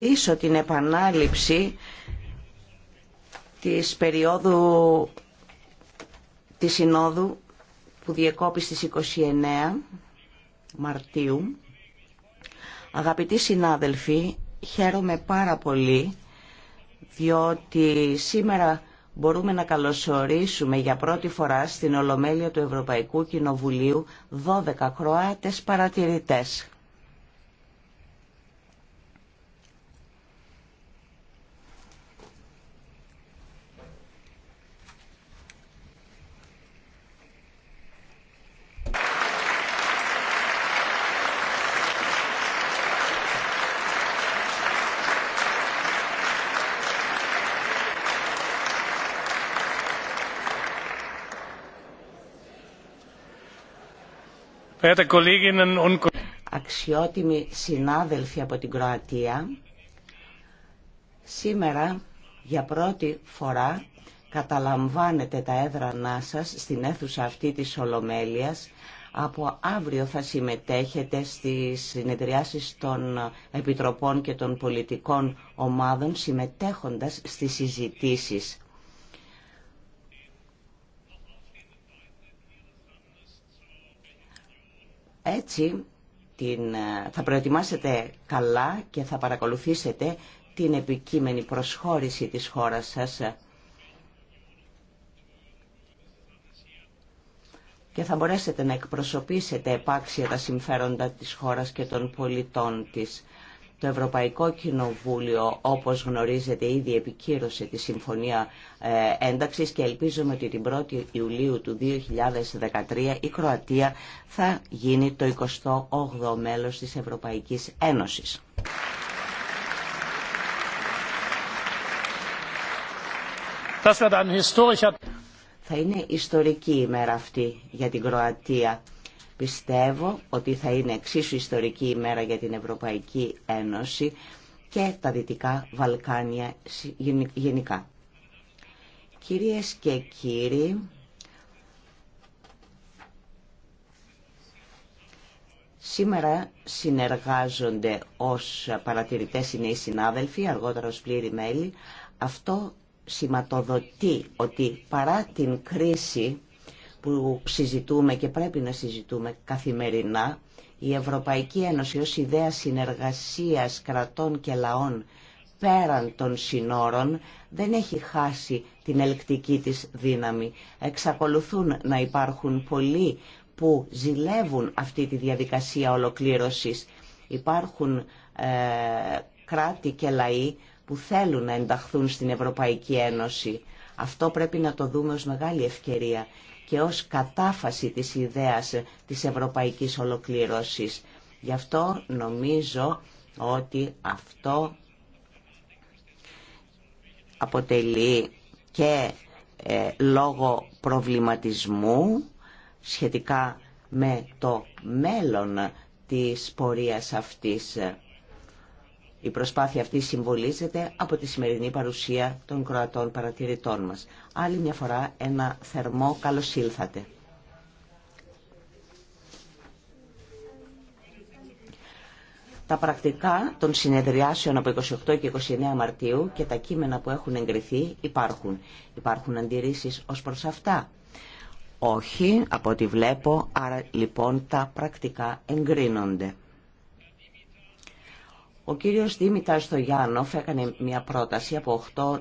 ίσο την επανάληψη της περίοδου της Συνόδου που διεκόπη στις 29 Μαρτίου. Αγαπητοί συνάδελφοι, χαίρομαι πάρα πολύ διότι σήμερα μπορούμε να καλωσορίσουμε για πρώτη φορά στην Ολομέλεια του Ευρωπαϊκού Κοινοβουλίου 12 Κροάτες παρατηρητές. Αξιότιμοι συνάδελφοι από την Κροατία, σήμερα για πρώτη φορά καταλαμβάνετε τα έδρανά σας στην αίθουσα αυτή της Ολομέλειας. Από αύριο θα συμμετέχετε στις συνεδριάσεις των Επιτροπών και των Πολιτικών Ομάδων συμμετέχοντας στις συζητήσεις. Έτσι την, ε, θα προετοιμάσετε καλά και θα παρακολουθήσετε την επικείμενη προσχώρηση της χώρας σας και θα μπορέσετε να εκπροσωπήσετε επάξια τα συμφέροντα της χώρας και των πολιτών της. Το Ευρωπαϊκό Κοινοβούλιο, όπως γνωρίζετε, ήδη επικύρωσε τη Συμφωνία ε, Ένταξης και ελπίζουμε ότι την 1η Ιουλίου του 2013 η Κροατία θα γίνει το 28ο μέλος της Ευρωπαϊκής Ένωσης. Θα είναι ιστορική ημέρα αυτή για την Κροατία. Πιστεύω ότι θα είναι εξίσου ιστορική ημέρα για την Ευρωπαϊκή Ένωση και τα Δυτικά Βαλκάνια γενικά. Κυρίες και κύριοι, Σήμερα συνεργάζονται ως παρατηρητές οι νέοι συνάδελφοι, αργότερα ως πλήρη μέλη. Αυτό σηματοδοτεί ότι παρά την κρίση που συζητούμε και πρέπει να συζητούμε καθημερινά, η Ευρωπαϊκή Ένωση ως ιδέα συνεργασίας κρατών και λαών πέραν των συνόρων δεν έχει χάσει την ελκτική της δύναμη. Εξακολουθούν να υπάρχουν πολλοί που ζηλεύουν αυτή τη διαδικασία ολοκλήρωσης. Υπάρχουν ε, κράτη και λαοί που θέλουν να ενταχθούν στην Ευρωπαϊκή Ένωση. Αυτό πρέπει να το δούμε ως μεγάλη ευκαιρία και ως κατάφαση της ιδέας της ευρωπαϊκής ολοκλήρωσης. Γι' αυτό νομίζω ότι αυτό αποτελεί και ε, λόγο προβληματισμού σχετικά με το μέλλον της πορείας αυτής η προσπάθεια αυτή συμβολίζεται από τη σημερινή παρουσία των Κροατών παρατηρητών μας. Άλλη μια φορά ένα θερμό καλώς ήλθατε. Τα πρακτικά των συνεδριάσεων από 28 και 29 Μαρτίου και τα κείμενα που έχουν εγκριθεί υπάρχουν. Υπάρχουν αντιρρήσεις ως προς αυτά. Όχι, από ό,τι βλέπω, άρα λοιπόν τα πρακτικά εγκρίνονται. Ο κύριος Δήμητας Στογιάννοφ έκανε μια πρόταση από 8